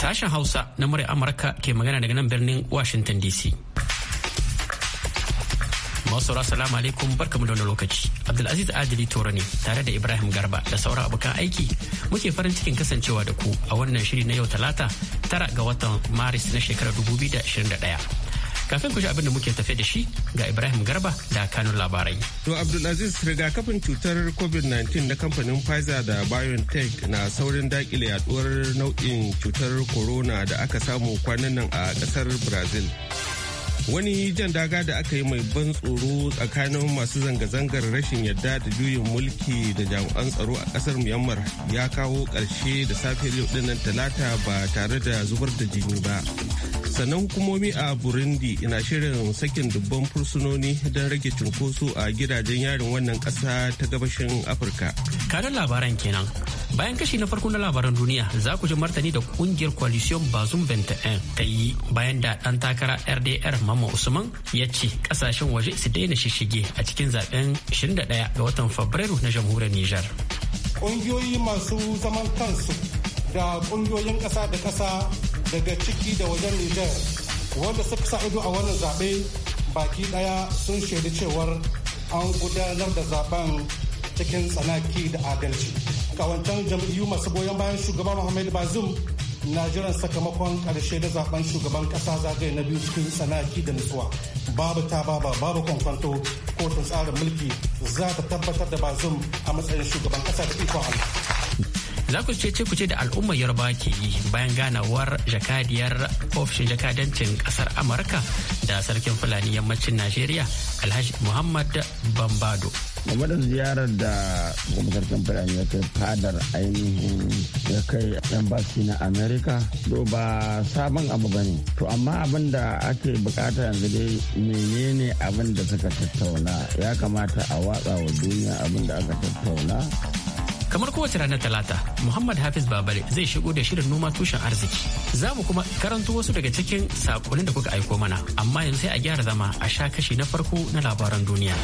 Sashen Hausa na murya Amurka ke magana daga nan birnin Washington DC. Masu salamu alaikum mu da wani lokaci. Abdulaziz Adili Toro ne tare da Ibrahim Garba da sauran abokan aiki muke farin cikin kasancewa da ku a wannan shiri na yau talata tara ga watan Maris na shekarar 2021. Kafin ku ji abin da muke tafe da shi ga Ibrahim Garba da kanun labarai. To Abdulaziz rigakafin cutar COVID-19 na kamfanin Pfizer da BioNTech na saurin dakile yaduwar nau'in cutar corona da aka samu kwanan nan a kasar Brazil. Wani jan daga da aka yi mai ban tsoro tsakanin masu zanga-zangar rashin yadda da juyin mulki da jami'an tsaro a kasar Myanmar ya kawo ƙarshe da safiyar yau dinnan talata ba tare da zubar da jini ba. sannan hukumomi a burundi na shirin sakin dubban fursunoni don rage cunkoso a gidajen yarin wannan ƙasa ta gabashin afirka Kanar labaran kenan bayan kashi na farko na labaran duniya za ku ji martani da kungiyar coalition bazum 21 ta yi bayan da dan takara rdr mama usman ya ce kasashen waje su daina shishige a cikin zaben 21 ga watan fabrairu na jamhuriyar nijar ƙungiyoyi masu zaman kansu da ƙungiyoyin ƙasa da kasa daga ciki da wajen Nijar wanda suka sa ido a wannan zaɓe baki ɗaya sun shaidi cewar an gudanar da zaben cikin tsanaki da adalci. Kawancan jam'iyyu masu goyon bayan shugaba Muhammad Bazum na jiran sakamakon ƙarshe da zaben shugaban ƙasa zagaye na biyu cikin tsanaki da nutsuwa. Babu ta baba babu kwankwanto kotun tsarin mulki za ta tabbatar da Bazum a matsayin shugaban ƙasa da ikon Allah. za ku ce kuce da al'ummar yarba ke yi bayan ganawar jakadiyar ofishin jakadancin kasar amurka da sarkin fulani yammacin najeriya alhaji muhammad bambado game da ziyarar da gwamnatin fulani ya kai fadar ainihin ya kai embassy na america to ba sabon abu ba ne to amma abin da ake bukata yanzu dai menene abin da suka tattauna ya kamata a watsa wa duniya abin da aka tattauna kamar kowace ranar talata muhammad hafiz babare zai shigo da shirin noma tushen arziki za mu kuma karanto wasu daga cikin sakonin da kuka aiko mana amma yanzu sai a gyara zama a sha kashi na farko na labaran duniya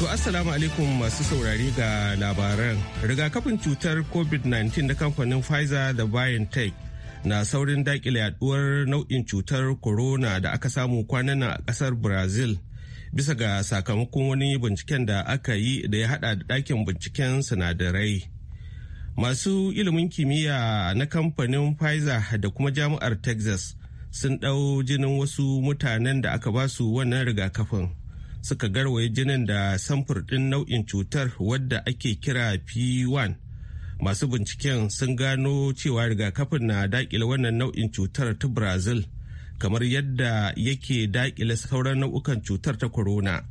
To assalamu alaikum masu saurari ga labaran. Rigakafin cutar COVID-19 da kamfanin Pfizer da BioNTech na saurin dakile yaduwar nau'in cutar corona da aka samu kwanan a ƙasar Brazil bisa ga sakamakon wani binciken da aka yi da ya hada da ɗakin binciken sinadarai masu ilimin kimiyya na kamfanin pfizer da kuma jami'ar texas sun ɗau jinin wasu mutanen da aka ba su wannan rigakafin suka garwaye jinin da samfur ɗin nau'in cutar wadda ake kira p1 masu binciken sun gano cewa rigakafin na dakile wannan nau'in cutar ta brazil kamar yadda yake daƙile sauran nau'ukan cutar ta corona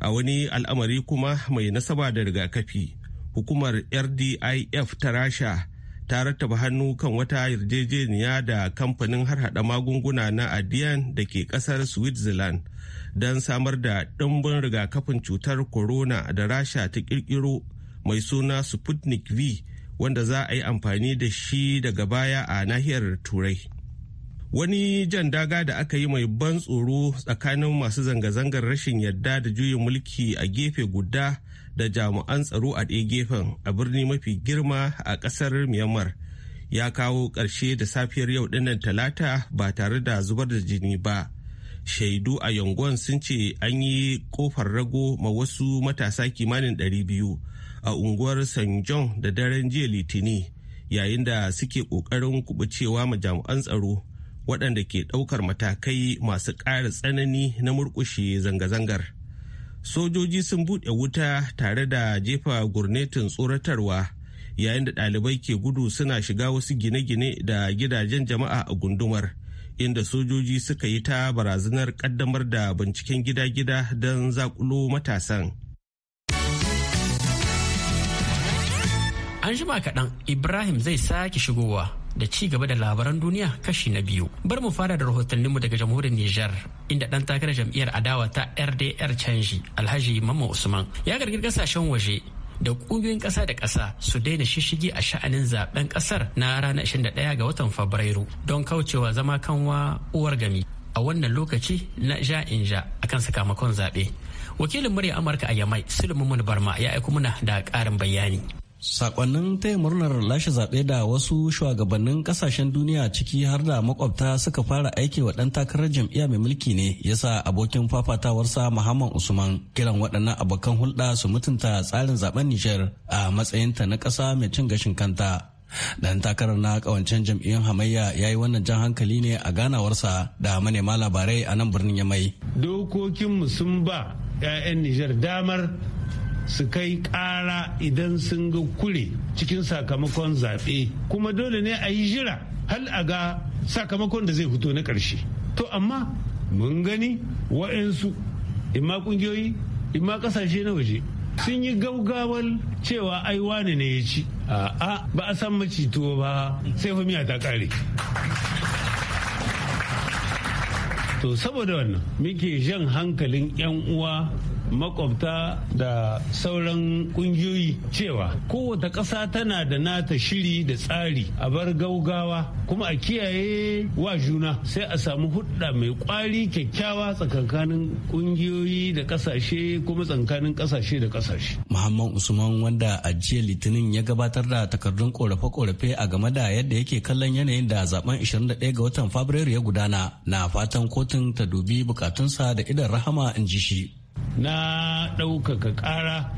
a wani al'amari kuma mai nasaba da rigakafi hukumar rdif ta rasha ta rattaba hannu kan wata yarjejeniya da kamfanin harhaɗa magunguna na adiyan da ke ƙasar switzerland don samar da ɗimbin rigakafin cutar corona da rasha ta ƙirƙiro mai suna sputnik v wanda za a yi amfani da shi daga baya a nahiyar turai wani jan daga da aka yi mai ban tsoro tsakanin masu zanga-zangar rashin yadda da juyin mulki a gefe guda da jami'an tsaro a ɗaya gefen a birni mafi girma a ƙasar myanmar ya kawo ƙarshe da safiyar yau dinnan talata ba tare da zubar da jini ba shaidu a yangon sun ce an yi kofar rago ma wasu matasa kimanin ɗari biyu a unguwar st john da daren jiya litini yayin da suke ƙoƙarin kubucewa ma jami'an tsaro waɗanda ke ɗaukar matakai masu ƙara tsanani na murƙushe zanga-zangar sojoji sun buɗe wuta tare da jefa gurnetin tsoratarwa yayin da ɗalibai ke gudu suna shiga wasu gine-gine da gidajen jama'a a gundumar inda sojoji suka yi ta barazanar ƙaddamar da binciken gida-gida don zakulo matasan. an jima kaɗan ibrahim zai sake shigowa da ci gaba da labaran duniya kashi na biyu. Bar mu fara da rahotanninmu daga jamhuriyar Nijar inda ɗan takarar jam'iyyar adawa ta RDR canji Alhaji Mamman Usman ya gargadi kasashen waje da ƙungiyoyin ƙasa da kasa su daina shishigi a sha'anin zaben ƙasar na ranar 21 ga watan Fabrairu don kaucewa zama kanwa uwar gami a wannan lokaci na ja in ja akan sakamakon zaɓe. Wakilin murya Amurka a Yamai Sulaiman Barma ya aiko mana da ƙarin bayani. Sakonnin taya murnar lashe zaɓe da wasu shugabannin kasashen duniya ciki har da makwabta suka fara aiki wa ɗan takarar jam'iyya mai mulki ne yasa abokin fafatawarsa Muhammad Usman kiran waɗannan abokan hulɗa su mutunta tsarin zaben Nijar a matsayinta na ƙasa mai cin gashin kanta. Dan takarar na kawancen jam'iyyar hamayya ya yi wannan jan hankali ne a ganawarsa da manema labarai a nan birnin Yamai. Dokokinmu sun ba 'ya'yan Nijar damar su kai ƙara idan sun ga kure cikin sakamakon zaɓe kuma dole ne a yi jira hal a ga sakamakon da zai fito na ƙarshe to amma mun gani wa'insu imma ƙungiyoyi imma ƙasashe na waje sun yi gaugawar cewa ai wane ne ya ci a'a ba a san macito ba sai homiya ta ƙare to saboda wannan muke jan hankalin 'yan uwa makwabta da sauran kungiyoyi cewa kowace ƙasa tana da nata shiri da tsari a bar gaugawa kuma a kiyaye wa juna sai a samu hudda mai kwari kyakkyawa tsakankanin kungiyoyi da ƙasashe kuma tsakanin ƙasashe da ƙasashe. Muhammad Usman wanda a jiya Litinin ya gabatar da takardun korafe-korafe a game da yadda yake kallon yanayin da zaben 21 ga watan Fabrairu ya gudana na fatan kotun ta dubi bukatunsa da idan rahama in ji shi. na ɗaukaka ƙara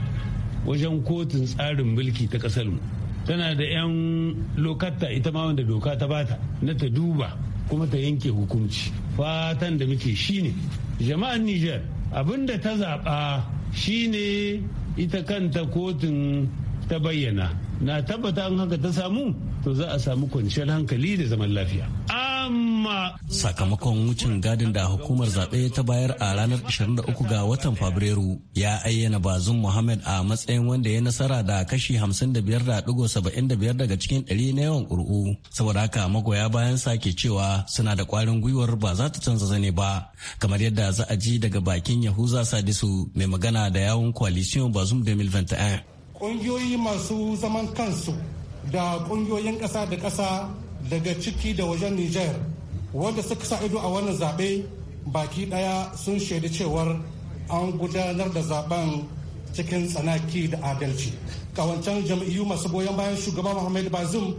wajen kotun tsarin mulki ta ƙasar mu tana da 'yan lokata ita ma wanda doka ta bata na ta duba kuma ta yanke hukunci fatan da muke shine jama'an niger abinda ta zaɓa shine ita kanta kotun ta bayyana na tabbata an haka ta samu to za a samu kwanciyar hankali da zaman lafiya amma sakamakon wucin gadin da hukumar zaɓe ta bayar a ranar 23 ga watan fabrairu ya ayyana bazum muhammad a matsayin wanda ya nasara da kashi 55.75 daga cikin 100 na yawan ƙuri'u saboda haka magoya bayan sake cewa suna da ƙwarin gwiwar ba za ta canza zane ba kamar yadda za a ji daga bakin yahuza sadisu mai magana da yawun coalition bazum 2021 ƙungiyoyi masu zaman kansu da ƙungiyoyin ƙasa da ƙasa daga ciki da wajen Nijar wanda suka sa ido a wannan zaɓe baki ɗaya sun shaidi cewar an gudanar da zaben cikin tsanaki da adalci. Kawancan jam'iyyu masu goyon bayan shugaban Muhammad Bazum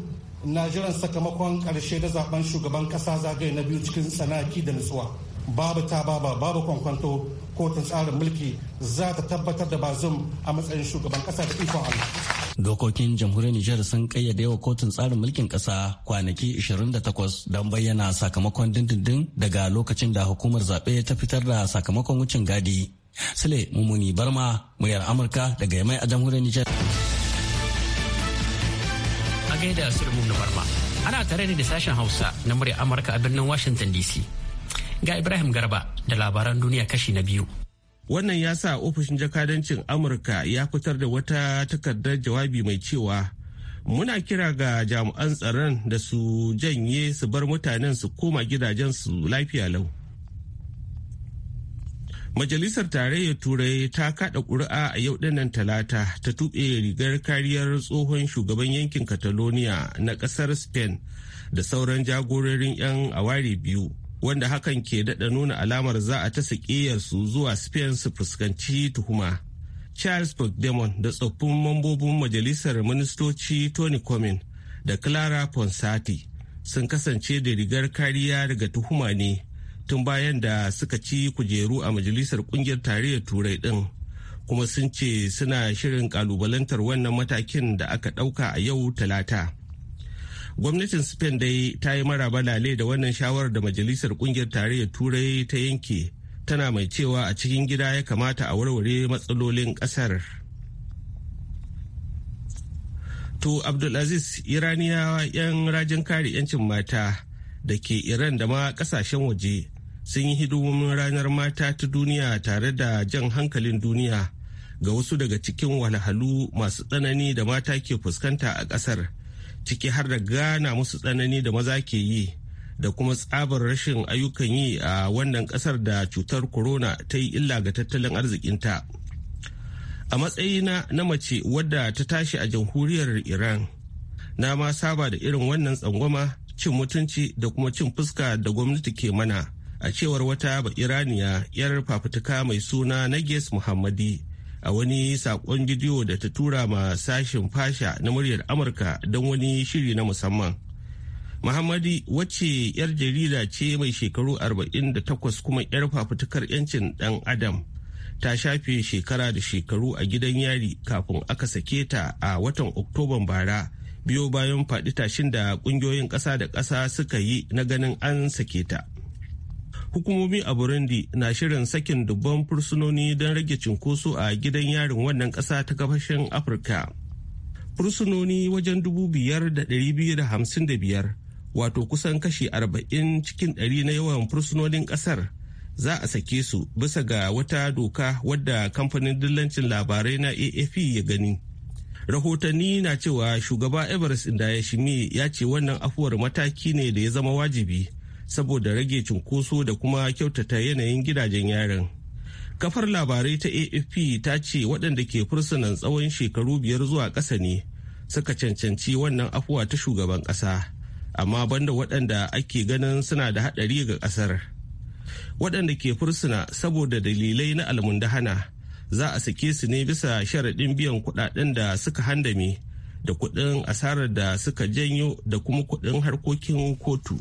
na jiran sakamakon ƙarshe da zaben shugaban ƙasa zagaye na biyu cikin tsanaki da nutsuwa. Babu ta baba babu kwankwanto kotun tsarin mulki za ta tabbatar da bazum a matsayin shugaban kasa da ikon Allah. Dokokin jamhuriyar Nijar sun kayyade wa kotun tsarin mulkin kasa kwanaki 28 don bayyana sakamakon dindindin daga lokacin da hukumar zaɓe ta fitar da sakamakon wucin gadi. Sule Mumuni Barma, muryar Amurka daga Yamai a jamhuriyar Nijar. A gaida Sule Mumuni Barma, ana tare da sashen Hausa na muryar Amurka a birnin Washington DC. Ga Ibrahim Garba da labaran duniya kashi na biyu. Wannan ya sa ofishin jakadancin Amurka ya fitar da wata takardar jawabi mai cewa muna kira ga jami'an tsaron da su janye su bar mutanen su koma gidajensu lafiya lau. Majalisar Tarayyar Turai ta kada ƙuri'a a yau dinnan talata ta tuɓe rigar kariyar tsohon shugaban yankin Catalonia na ƙasar Spain da sauran jagororin 'yan aware biyu wanda hakan ke daɗa nuna alamar za a ta su zuwa spain su fuskanci tuhuma charles Demon da tsoffin mambobin majalisar ministoci tony comin da clara ponsati sun kasance da rigar kariya daga tuhuma ne tun bayan da suka ci kujeru a majalisar kungiyar tarayyar turai din kuma sun ce suna shirin kalubalantar wannan matakin da aka ɗauka a yau talata gwamnatin spain dai ta yi mara balale da wannan shawarar da majalisar kungiyar tarayyar turai ta yanke tana mai cewa a cikin gida ya kamata a warware matsalolin kasar to abdulaziz iraniyawa 'yan rajin kare 'yancin mata da ke iran da ma kasashen waje sun yi hidimomin ranar mata ta duniya tare da jan hankalin duniya ga wasu daga cikin walhalu masu tsanani da mata ke fuskanta a kasar ciki har da gana musu tsanani da maza ke yi da kuma tsabar rashin ayyukan yi a wannan kasar da cutar corona ta yi illa ga tattalin arzikinta a matsayina na mace wadda ta tashi a jamhuriyar iran na ma saba da irin wannan tsangwama cin mutunci da kuma cin fuska da gwamnati ke mana a cewar wata ba iraniya yar fafutuka mai suna nages muhammadi a wani saƙon bidiyo da ta tura ma sashin fasha na muryar amurka don wani shiri na musamman muhammadi wacce 'yar jarida ce mai shekaru 48 kuma 'yar fafutukar 'yancin ɗan adam ta shafe shekara da shekaru a gidan yari kafin aka sake ta a watan oktoban bara biyo bayan faɗi tashin da ƙungiyoyin ƙasa da ƙasa suka yi na ganin an sake ta hukumomi a burundi na shirin sakin dubban fursunoni don rage cinkoso a gidan yarin wannan ƙasa ta gabashin afirka fursunoni wajen dubu biyar da ɗari biyu da hamsin da biyar wato kusan kashi arba'in cikin ɗari na yawan fursunonin ƙasar za a sake su bisa ga wata doka wadda kamfanin dillancin labarai na afp ya gani rahotanni na cewa shugaba everest da ya shimi ya ce wannan afuwar mataki ne da ya zama wajibi saboda rage cunkoso da kuma kyautata yanayin gidajen yarin. Kafar labarai ta AFP ta ce waɗanda ke fursunan tsawon shekaru biyar zuwa ƙasa ne suka cancanci wannan afuwa ta shugaban ƙasa, amma banda waɗanda ake ganin suna da haɗari ga ƙasar. Waɗanda ke fursuna saboda dalilai na almundahana za a sake su ne bisa sharaɗin biyan kuɗaɗen da suka handame da kuɗin asarar da suka janyo da kuma kuɗin harkokin kotu.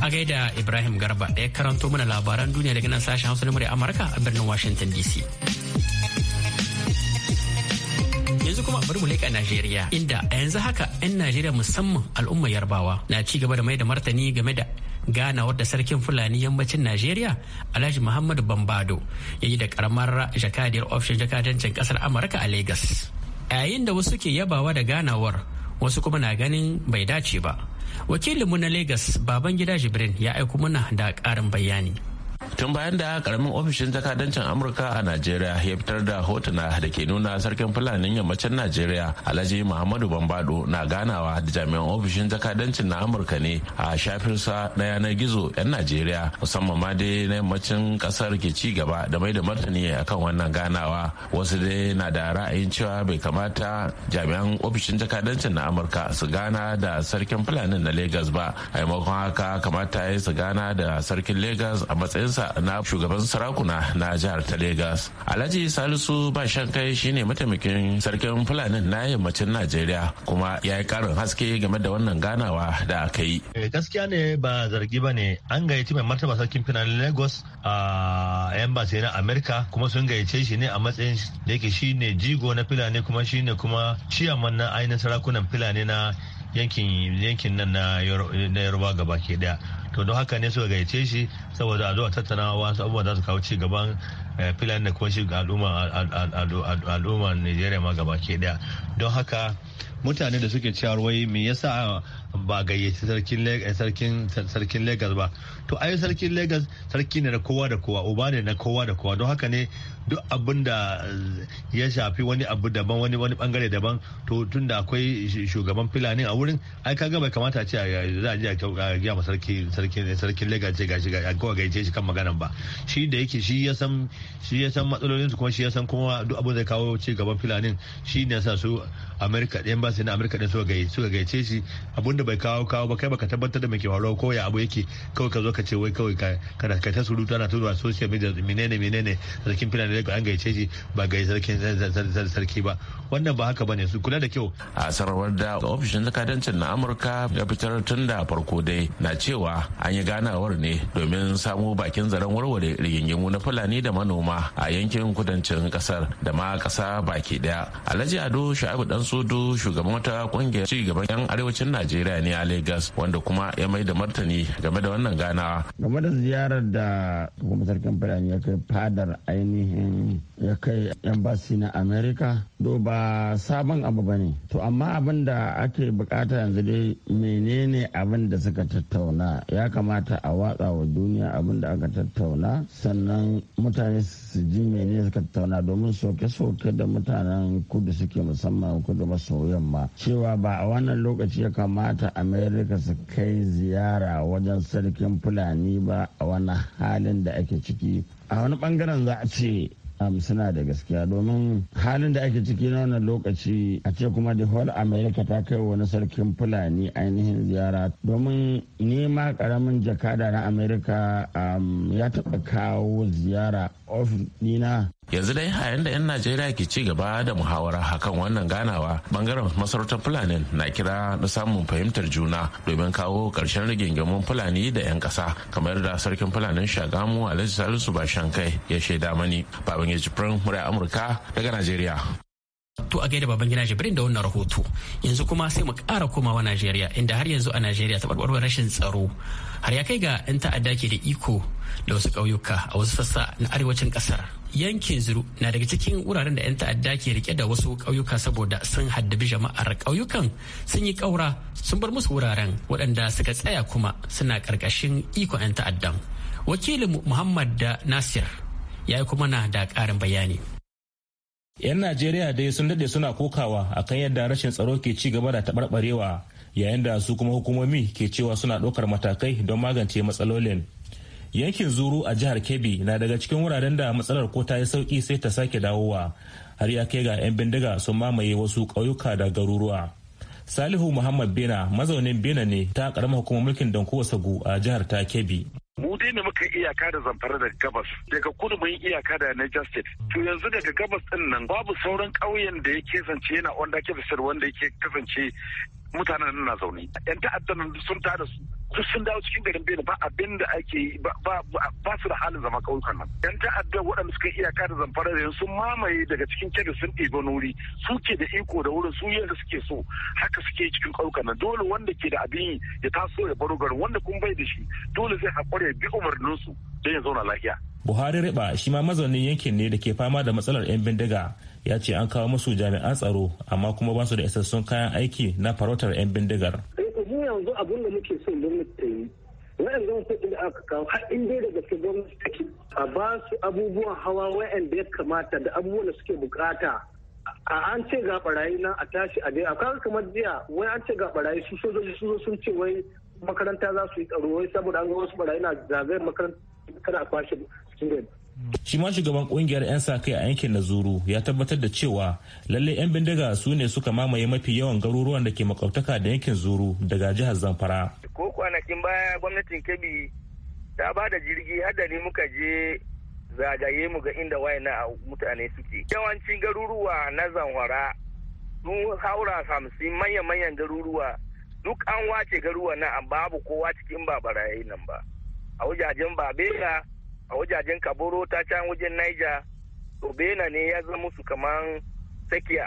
A gaida Ibrahim Garba da ya karanto mana labaran duniya daga nan sashen Hausa na Amurka a birnin Washington DC. yanzu kuma bari mu leƙa Najeriya inda a yanzu haka 'yan Najeriya musamman al'ummar Yarbawa na ci gaba da mai da martani game da ganawar da sarkin Fulani yammacin Najeriya Alhaji Muhammadu Bambado ya yi da karamar jakadiyar ofishin jakadancin kasar Amurka a Legas. Yayin da wasu ke yabawa da ganawar wasu kuma na ganin bai dace ba wakilinmu na Legas baban gida jibrin ya aiko mana da ƙarin bayani tun bayan da karamin ofishin jakadancin amurka a najeriya ya fitar da hotuna da ke nuna sarkin fulanin yammacin najeriya alhaji muhammadu bambado na ganawa da jami'an ofishin jakadancin na amurka ne a shafinsa na yanar gizo 'yan najeriya musamman ma dai na yammacin kasar ke ci gaba da mai da martani akan wannan ganawa wasu dai na da ra'ayin cewa bai kamata jami'an ofishin jakadancin na amurka su gana da sarkin fulanin na Legas ba a haka kamata ya su gana da sarkin Legas a matsayinsa na shugaban sarakuna na jihar ta Legas. Alhaji Salisu Bashankai shine mataimakin sarkin Fulani na yammacin Najeriya kuma ya yi karin haske game da wannan ganawa da aka yi. Eh, gaskiya ne ba zargi ba ne an gayyaci mai martaba sarkin finalin Lagos a embassy na Amerika kuma sun gayyace shi ne a matsayin da yake shine jigo na Fulani kuma shine kuma ciyaman na ainihin sarakunan Fulani na yankin nan na yoruba gaba ke daya to don haka ne suka gayyace shi saboda a zo a tattauna wasu abubuwa za su kawo ci gaban eh, filan da kuma shi al'umma nigeria ma gaba ke daya don haka mutane da suke cewa wai me yasa ba gayyaci eh, sarkin sarkin Lagos ba to ai sarkin Lagos sarki ne na kowa da kowa uba ne na kowa da kowa don haka ne duk abin da eh, ya shafi wani abu daban wani wani bangare daban to tunda akwai shugaban Fulani a wurin ai kaga bai kamata a ce za a ji a gaya ma sarki sarkin sarkin Lagos ce gashi ga kowa gayyace shi kan maganan ba shi da yake shi ya san shi ya san matsalolin su kuma shi ya san kuma duk abin da kawo ci gaban Fulani shi ne sa su amurka ɗin ba na amurka ɗin suka gaice shi abinda bai kawo kawo ba kai ka tabbatar da mai ke ko ya abu yake kawai ka zo ka ce wai kawai ka ka ta surutu ana tunawa social media menene menene sarkin filan da an gaice shi ba gai sarkin sarki ba wannan ba haka bane su kula da kyau a sarwar da ofishin zakadancin na amurka ya fitar tun da farko dai na cewa an yi ganawar ne domin samo bakin zaren warware rigingimu na fulani da manoma a yankin kudancin kasar da ma kasa baki daya alhaji ado sha'abu Shu'aibu Dan Sodo shugaban wata kungiyar ci gaban yan arewacin Najeriya ne a Lagos wanda kuma ya mai da martani game da wannan ganawa. Game da ziyarar da kuma sarkin Fulani ya kai fadar ainihin ya kai embassy na America do ba sabon abu ba ne. To amma abin da ake bukata yanzu dai menene abin da suka tattauna ya kamata a watsa wa duniya abin da aka tattauna sannan mutane su ji menene suka tattauna domin soke-soke da mutanen kudu suke musamman na kudu maso yamma cewa ba a wannan lokaci ya kamata amerika su kai ziyara wajen sarkin fulani ba a wani halin da ake ciki a wani bangaren za a ce suna da gaskiya domin halin da ake ciki na wannan lokaci a ce kuma the whole america ta kai wani sarkin fulani ainihin ziyara domin nema karamin jakada na Amerika ya taɓa kawo ziyara ofis dina yanzu dai yayin da 'yan najeriya ke ci gaba da muhawara hakan wannan ganawa bangaren masarautar fulani na kira na samun fahimtar juna domin kawo karshen rigingimun fulani da 'yan kasa kamar da sarkin fulanin shagamu alhaji salisu bashan kai ya shaida mani baban ya jibrin murai amurka daga najeriya To a gaida Babangida Jibrin da wannan rahoto. Yanzu kuma sai mu kara komawa Najeriya inda har yanzu a Najeriya taɓarɓarwar rashin tsaro har ya kai ga 'yan ta'adda ke da iko da wasu ƙauyuka a wasu sassa na arewacin ƙasar. Yankin Zuru na daga cikin wuraren da 'yan ta'adda ke rike da wasu ƙauyuka saboda sun haddabi jama'ar ƙauyukan sun yi ƙaura sun bar musu wuraren waɗanda suka tsaya kuma suna ƙarƙashin ikon 'yan ta'addan. Wakilin Muhammad da Nasir ya yi kuma na da ƙarin bayani. 'Yan Najeriya dai sun daɗe suna kokawa akan yadda rashin tsaro ke ci gaba da taɓarɓarewa yayin da su kuma hukumomi ke cewa suna ɗaukar matakai don magance matsalolin. Yankin Zuru a jihar Kebbi na daga cikin wuraren da matsalar ko ta yi sauki sai ta sake dawowa har ya kai ga 'yan bindiga sun mamaye wasu ƙauyuka da garuruwa. Salihu Muhammad Bena mazaunin Bena ne ta ƙaramar hukumar mulkin Danko Sagu a jihar ta Kebbi. mu dai ne muka iyaka da zamfara daga gabas daga kudu mun iyaka da Niger State to yanzu daga gabas din nan babu sauran ƙauyen da yake zance yana wanda ke wanda yake kasance mutanen na zaune yan ta'addan sun tada su duk sun dawo cikin garin Benin ba abin da ake yi ba su da halin zama kauyukan nan. Yan ta'addar waɗanda suka iyaka da zamfara da sun mamaye daga cikin kebe sun ɗiba nuri suke da iko da wurin su yadda suke so haka suke cikin kauyukan nan dole wanda ke da abin ya taso ya baro garin wanda kun bai da shi dole zai haƙura ya bi umarninsu don ya zauna lafiya. Buhari Riba shi ma mazaunin yankin ne da ke fama da matsalar 'yan bindiga ya ce an kawo musu jami'an tsaro amma kuma ba su da isassun kayan aiki na farautar 'yan bindigar. Eh, yanzu abun da muke son gwamnati ta yi zan kuɗin da aka kawo har in dai da gaske gwamnati take a ba su abubuwan hawa da ya kamata da abubuwan da suke bukata a an ce ga barayi nan a tashi a dai a kawo kamar jiya wai an ce ga barayi su sojoji su sun ce wai makaranta za su yi tsaro wai saboda an ga wasu barayi na zagayen makaranta kada a kwashe cikin shi ma shugaban kungiyar 'yan sa kai a yankin nazuru ya tabbatar da cewa lallai 'yan bindiga su ne suka mamaye mafi yawan garuruwan da ke makwabtaka da yankin zuru daga jihar zamfara ko kwanakin baya gwamnatin kebbi ta ba da jirgi har da muka je zagaye mu ga inda wayana mutane suke yawancin garuruwa na zamfara sun haura hamsin manya-manyan garuruwa duk an wace garuruwa na babu kowa cikin ba yi nan ba a wajajen babela a wajajen kaboro ta can wajen niger to ne ya zama musu kaman tsakiya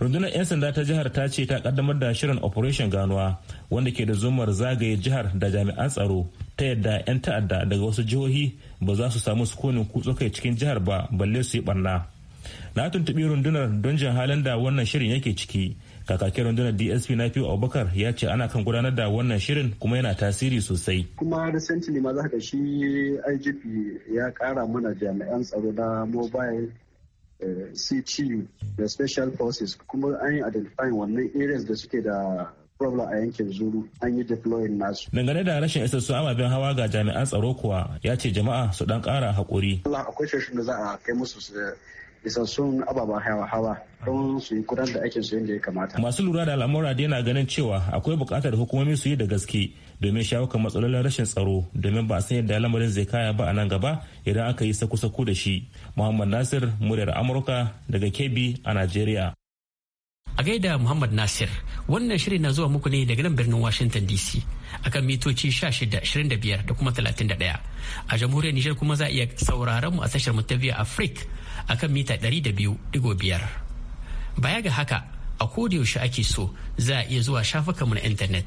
rundunar 'yan sanda ta jihar ta ce ta kaddamar da shirin operation ganuwa wanda ke da zumar zagaye jihar da jami'an tsaro ta yadda 'yan ta'adda daga wasu jihohi ba za su samu sukunin kutso kai cikin jihar ba balle su yi barna na tuntubi rundunar don jin halin da wannan shirin yake ciki kakakin rundunar dsp na fiye abubakar ya ce ana kan gudanar da wannan shirin kuma yana tasiri sosai kuma recently ma za ka shi igp ya kara mana jami'an tsaro na mobile eh, ct da special forces kuma an yi identifying wannan areas da suke da problem a yankin zuru an yi deploying nasu. Dangane da rashin isassun ababen hawa ga jami'an tsaro kuwa ya ce jama'a su dan kara hakuri. Allah akwai da za a kai musu eh, isassun ababen hawa hawa don su yi kudan da aikin su yadda ya kamata. Masu lura da al'amura dai yana ganin cewa akwai bukatar hukumomi su yi da gaske domin shawo kan matsalolin rashin tsaro domin ba a san yadda lamarin zai kaya ba a nan gaba idan aka yi sako-sako da shi. Muhammad Nasir muryar Amurka daga Kebbi a Najeriya. a gaida Muhammad Nasir wannan shirin na zuwa muku ne daga nan birnin Washington DC a kan mitoci 1625 shirin da kuma 31 a jamhuriyar Nijar kuma za a iya sauraron mu a tashar mu ta biya a kan mita 200.5 baya ga haka a yaushe ake so za a iya zuwa shafukanmu na intanet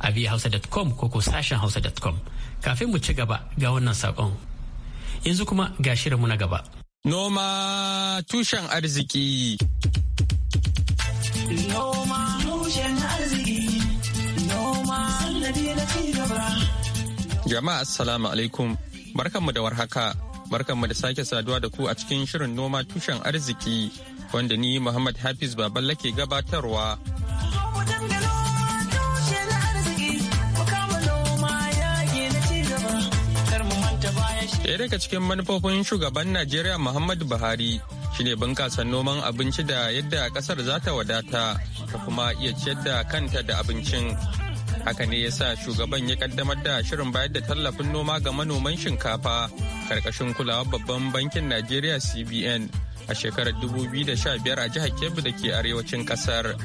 a hausa.com ko ko sashen hausa.com kafin mu ci gaba ga wannan saƙon yanzu kuma ga shirinmu na gaba noma tushen arziki Noma tushen arziki. Noma sannadi na cigaba. Jama'a assalamu alaikum. Barkanmu da warhaka. Barkanmu da sake saduwa da ku a cikin shirin noma tushen arziki wanda ni Muhammad Hafiz Baballa ke gabatarwa. Ɗaya daga cikin manufofin shugaban Najeriya Muhammadu Buhari shine bunkasan noman abinci da yadda ƙasar za ta wadata ta kuma iya ciyar da kanta da abincin haka ne ya sa shugaban ya kaddamar da shirin bayar da tallafin noma ga manoman shinkafa karkashin kulawa babban bankin najeriya cbn a shekarar 2015 a jihar kebbi da ke arewacin kasar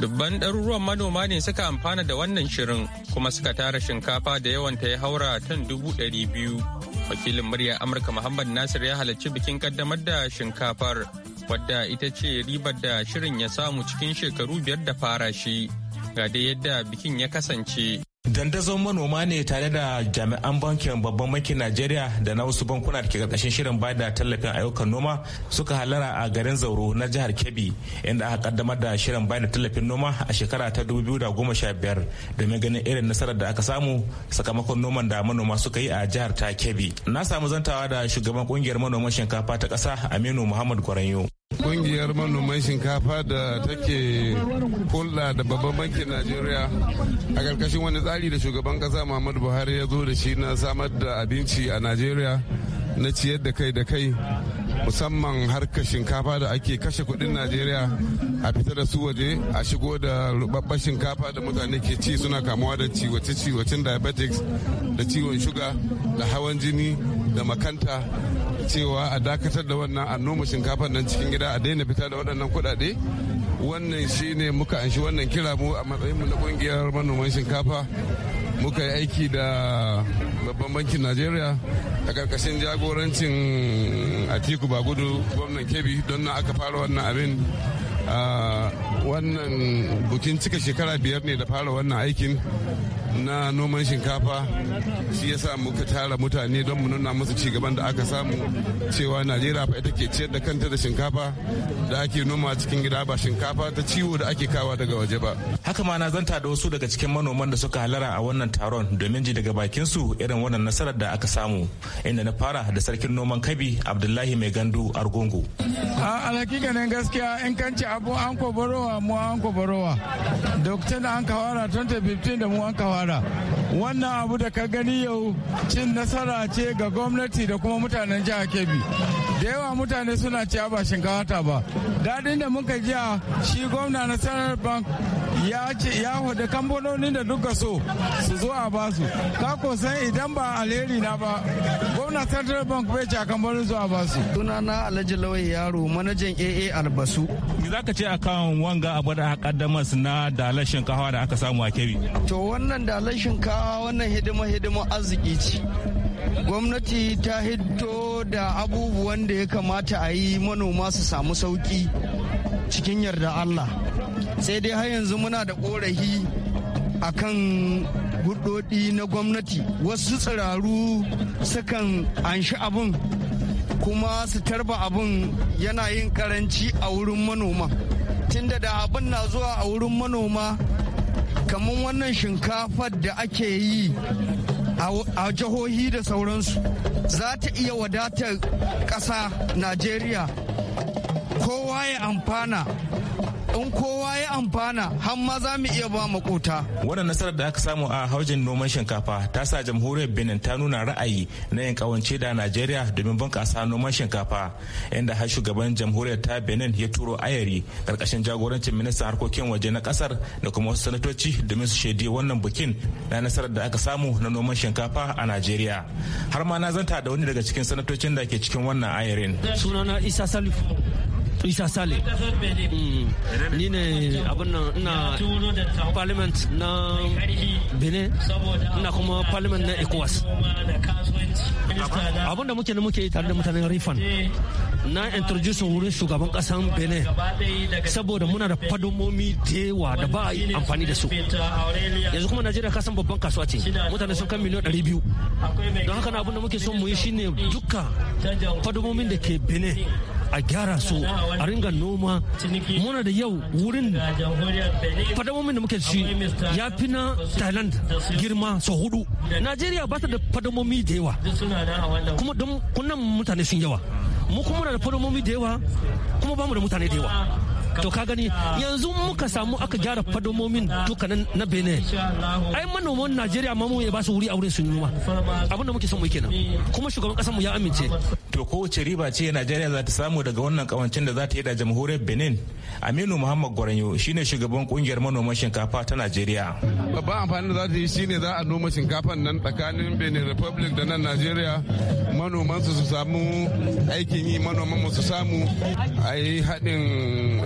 dubban ɗaruruwan manoma ne suka amfana da wannan shirin kuma suka tara shinkafa da yawan ta ya haura tan dubu ɗari biyu wakilin murya amurka muhammad nasir ya halarci bikin kaddamar da shinkafar wadda ita ce ribar da shirin ya samu cikin shekaru biyar da fara shi ga dai yadda bikin ya kasance Dandazon manoma ne tare da jami'an bankin babban bankin Najeriya da na wasu bankuna da ke karkashin shirin da tallafin ayyukan noma suka halara a garin Zauro na jihar Kebbi inda aka kaddamar da shirin da tallafin noma a shekara ta 2015 domin ganin irin nasarar da aka samu sakamakon noman da manoma suka yi a jihar ta Kebbi. Na samu zantawa da shugaban kungiyar manoman shinkafa ta ƙasa Aminu Muhammad Gwaranyo. Kungiyar manoman shinkafa da take hulɗa da babban bankin Najeriya a karkashin wani tsari da shugaban ƙasa Muhammadu Buhari ya zo da shi na samar da abinci a Najeriya na ciyar da kai da kai musamman harkar shinkafa da ake kashe kudin najeriya a fita da su waje a shigo da rubabbar shinkafa da mutane ke ci suna kamuwa da ciwace-ciwacen diabetics da ciwon shuga da hawan jini da makanta cewa a dakatar da wannan a noma shinkafa nan cikin gida a daina fita da waɗannan kuɗaɗe wannan shine muka anshi wannan kira mu a matsayinmu na kungiyar manoman shinkafa muka yi aiki da babban bankin najeriya a karkashin jagorancin atiku bagudu gwamnan kebi don na aka fara wannan abin ah, wannan bukin cika shekara biyar ne da fara wannan aikin na noman shinkafa shi ya sa muka tara mutane don mu nuna musu cigaban da aka samu cewa najeriya fa ita ke ciyar da kanta da shinkafa da ake noma cikin gida ba shinkafa ta ciwo da ake kawa daga waje ba haka ma na zanta da wasu daga cikin manoman da suka halara a wannan taron domin ji daga bakin su irin wannan nasarar da aka samu inda na fara da sarkin noman kabi abdullahi mai gandu argungu a alhakikanin gaskiya in kanci abu an kwabarowa mu an kobarowa dokta da an kawara 2015 da mu an kawara fara wannan abu da ka gani yau cin nasara ce ga gwamnati da kuma mutanen jihar kebbi da yawa mutane suna cewa ba shinkawa ta ba daɗin da muka jiya shi gwamna na sanar bank ya ce ya hudu kambononin da duka so su zo a basu ka ko san idan ba alheri na ba gwamna central bank bai ce a kambonin zuwa basu na alhaji lawai yaro manajan aa albasu me za ka ce a kan wanga abu da kaddamar na dalar shinkawa da aka samu a kebi to wannan dalar shinkawa wannan hidima hidima arziki ce gwamnati ta hito da abubuwan da ya kamata a yi manoma su samu sauki cikin yarda Allah sai dai har yanzu muna da korafi kan hudodi na gwamnati wasu tsiraru sukan anshi abin kuma su tarba abin yana yin karanci a wurin manoma tunda da abin na zuwa a wurin manoma kamar wannan shinkafar da ake yi a jihohi da sauransu za ta iya wadatar ƙasa najeriya kowa ya amfana in kowa ya amfana har ma za mu iya ba makota wannan nasarar da aka samu a haujin noman shinkafa ta sa jamhuriyar benin ta nuna ra'ayi na yin kawance da najeriya domin bunkasa noman shinkafa inda har shugaban jamhuriyar ta benin ya turo ayari karkashin jagorancin ministan harkokin waje na kasar da kuma wasu sanatoci domin su shaidi wannan bukin na nasarar da aka samu na noman shinkafa a najeriya har ma na zanta da wani daga cikin sanatocin da ke cikin wannan ayarin sunana isa salifu isa sale mm. ni ne abin nan ina parliament na benin ina kuma parliament na ecowas abin da muke muke tare da mutanen rifan na introduce wurin shugaban kasan benin saboda muna da fadomomi da yawa da ba a yi amfani da su yanzu kuma najeriya kasan babban kasuwa ce mutane sun kan miliyan 200 don haka na abin da muke son mu yi shine duka fadomomin da ke benin a gyara su a ringa noma muna da yau wurin fadamomin da muke shi ya fi na thailand girma sau hudu najeriya ba ta da fadamomi da yawa kuma don kunan mutane sun yawa mu kuma da fadamomi da yawa kuma ba mu da mutane da yawa to ka gani yanzu muka samu aka gyara fadomomin dukkanin na benin ai manoman najeriya ma mu ya ba su wuri a wurin su noma abin da muke son mu kenan kuma shugaban kasar mu ya amince to wace riba ce najeriya za ta samu daga wannan kawancin da za ta yi da jamhuriyar benin aminu muhammad gwaranyo shine shugaban kungiyar manoman shinkafa ta najeriya babban amfani da za ta yi shine za a noma shinkafan nan tsakanin benin republic da nan najeriya manoman su su samu aikin yi manoman mu su samu a yi haɗin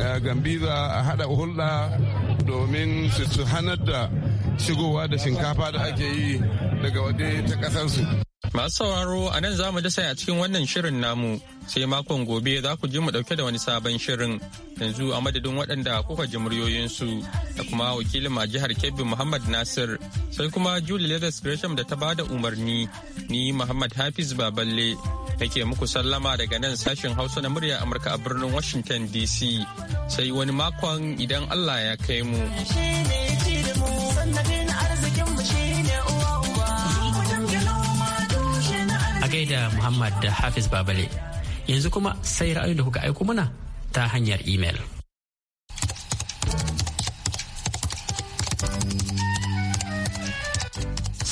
eh, Gambira a haɗa hulɗa domin su hanar da shigowa da shinkafa da ake yi daga waje ta ƙasarsu. Masu sauraro a nan za mu dasa a cikin wannan shirin namu sai makon gobe za ku ji mu dauke da wani sabon shirin yanzu a madadin waɗanda kuka ji muryoyinsu da kuma wakilin ma jihar Kebbi Muhammad Nasir sai kuma Julie Leathers Gresham da ta bada umarni ni Muhammad Hafiz Baballe nake muku sallama daga nan sashen Hausa na murya Amurka a birnin Washington DC sai wani makon idan Allah ya kai mu. gaida Muhammad da Hafiz Babale. Yanzu kuma sai ra'ayin da kuka aiko mana ta hanyar email.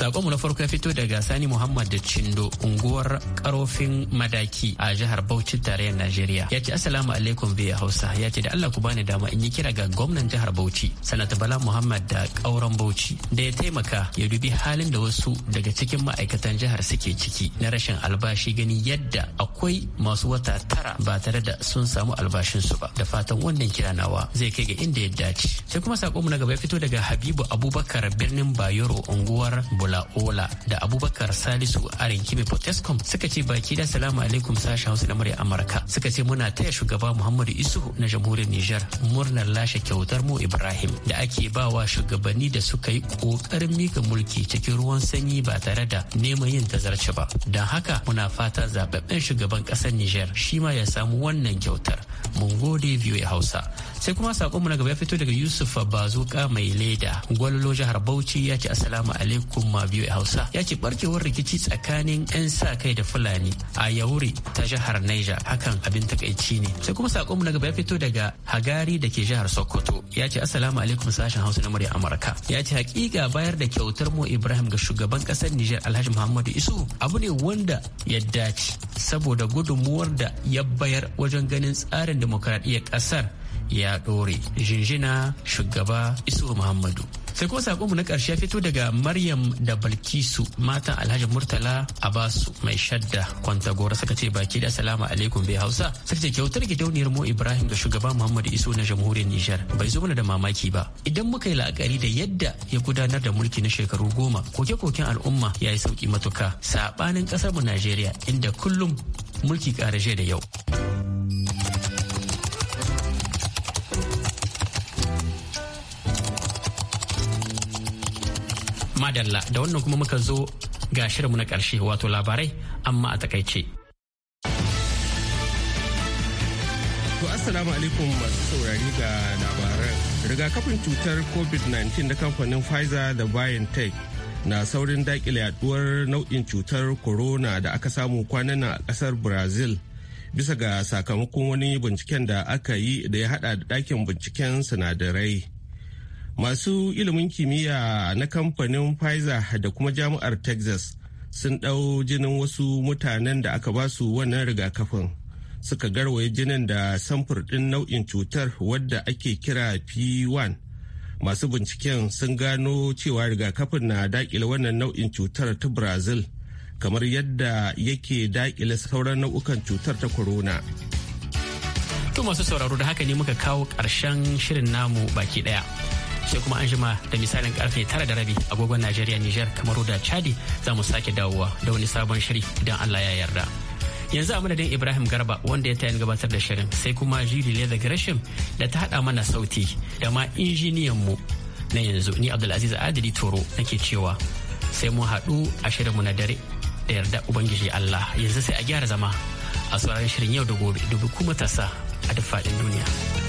Sakonmu na farko ya fito daga Sani Muhammad da cindo unguwar karofin madaki a jihar Bauchi tarayyar Najeriya. Ya ce Assalamu alaikum biya Hausa ya ce da Allah ku bani dama in yi kira ga gwamnan jihar Bauchi Sanata Bala Muhammad da kauran Bauchi da ya taimaka ya dubi halin da wasu daga cikin ma'aikatan jihar suke ciki na rashin albashi gani yadda akwai masu wata tara ba tare da sun samu albashinsu ba da fatan wannan kira nawa zai kai ga inda ya dace. Sai kuma sakonmu na gaba ya fito daga Habibu Abubakar birnin Bayero unguwar Bula Ola Ola da Abubakar Salisu a Arinkibe Potescom suka ce baki da salamu alaikum sashen Hausa da murya Amurka suka ce muna taya shugaba Muhammadu Isuhu na jamhuriyar Nijar murnar lashe kyautar mu Ibrahim da ake bawa shugabanni da suka yi kokarin mika mulki cikin ruwan sanyi ba tare da neman yin tazarci ba. Don haka muna fata zababben shugaban kasar Nijar shi ma ya samu wannan kyautar. Mun gode ya Hausa. sai kuma sakonmu na gaba ya fito daga yusuf bazuka mai leda gwalolo jihar bauchi ya ce assalamu alaikum ma biyu hausa ya ce barkewar rikici tsakanin yan sa kai da fulani a yauri ta jihar niger hakan abin takaici ne sai kuma sakonmu na gaba ya fito daga hagari da ke jihar sokoto ya ce assalamu alaikum sashen hausa na murya amurka ya ce hakika bayar da kyautar mu ibrahim ga shugaban kasar niger alhaji muhammadu isu abu ne wanda ya dace saboda gudunmuwar da ya bayar wajen ganin tsarin demokradiyyar kasar ya ɗore jinjina shugaba iso muhammadu sai kuma sakonmu na ƙarshe ya fito daga maryam da balkisu matan alhaji murtala a basu mai shadda kwantagora suka ce baki da salama alaikum bai hausa suka ce kyautar gidauniyar mu ibrahim da shugaba muhammadu iso na jamhuriyar nijar bai zo mana da mamaki ba idan muka yi la'akari da yadda ya gudanar da mulki na shekaru goma koke-koken al'umma ya yi sauki matuka saɓanin ƙasarmu najeriya inda kullum mulki ƙarashe da yau. madalla da wannan kuma muka zo ga shirinmu na ƙarshe wato labarai amma a takaice. To assalamu alaikum masu saurari ga labaran. Rigakafin cutar COVID-19 da kamfanin Pfizer da BioNTech na saurin daƙile yaduwar nau'in cutar corona da aka samu kwanan nan a ƙasar Brazil. Bisa ga sakamakon wani binciken da aka yi da ya haɗa da ɗakin binciken sinadarai. masu ilimin kimiyya na kamfanin pfizer da kuma jami'ar texas sun ɗau jinin wasu mutanen da aka ba su wannan rigakafin suka garwaye jinin da samfur ɗin nau'in cutar wadda ake kira p1 masu binciken sun gano cewa rigakafin na daƙile wannan nau'in cutar ta brazil kamar yadda yake daƙile sauran nau'ukan cutar ta corona. To masu sauraro da haka ne muka kawo ƙarshen shirin namu baki ɗaya. sai kuma an jima da misalin karfe tara da rabi agogon Najeriya Nijar kamar da Chadi za mu sake dawowa da wani sabon shiri idan Allah ya yarda. Yanzu a madadin Ibrahim Garba wanda ya tayin gabatar da shirin sai kuma Julie Leather Gresham da ta hada mana sauti da ma injiniyan mu na yanzu ni Abdulaziz Adili Toro nake cewa sai mu haɗu a shirin mu na dare da yarda Ubangiji Allah yanzu sai a gyara zama a sauraron shirin yau da gobe dubu kuma tasa a duk faɗin duniya.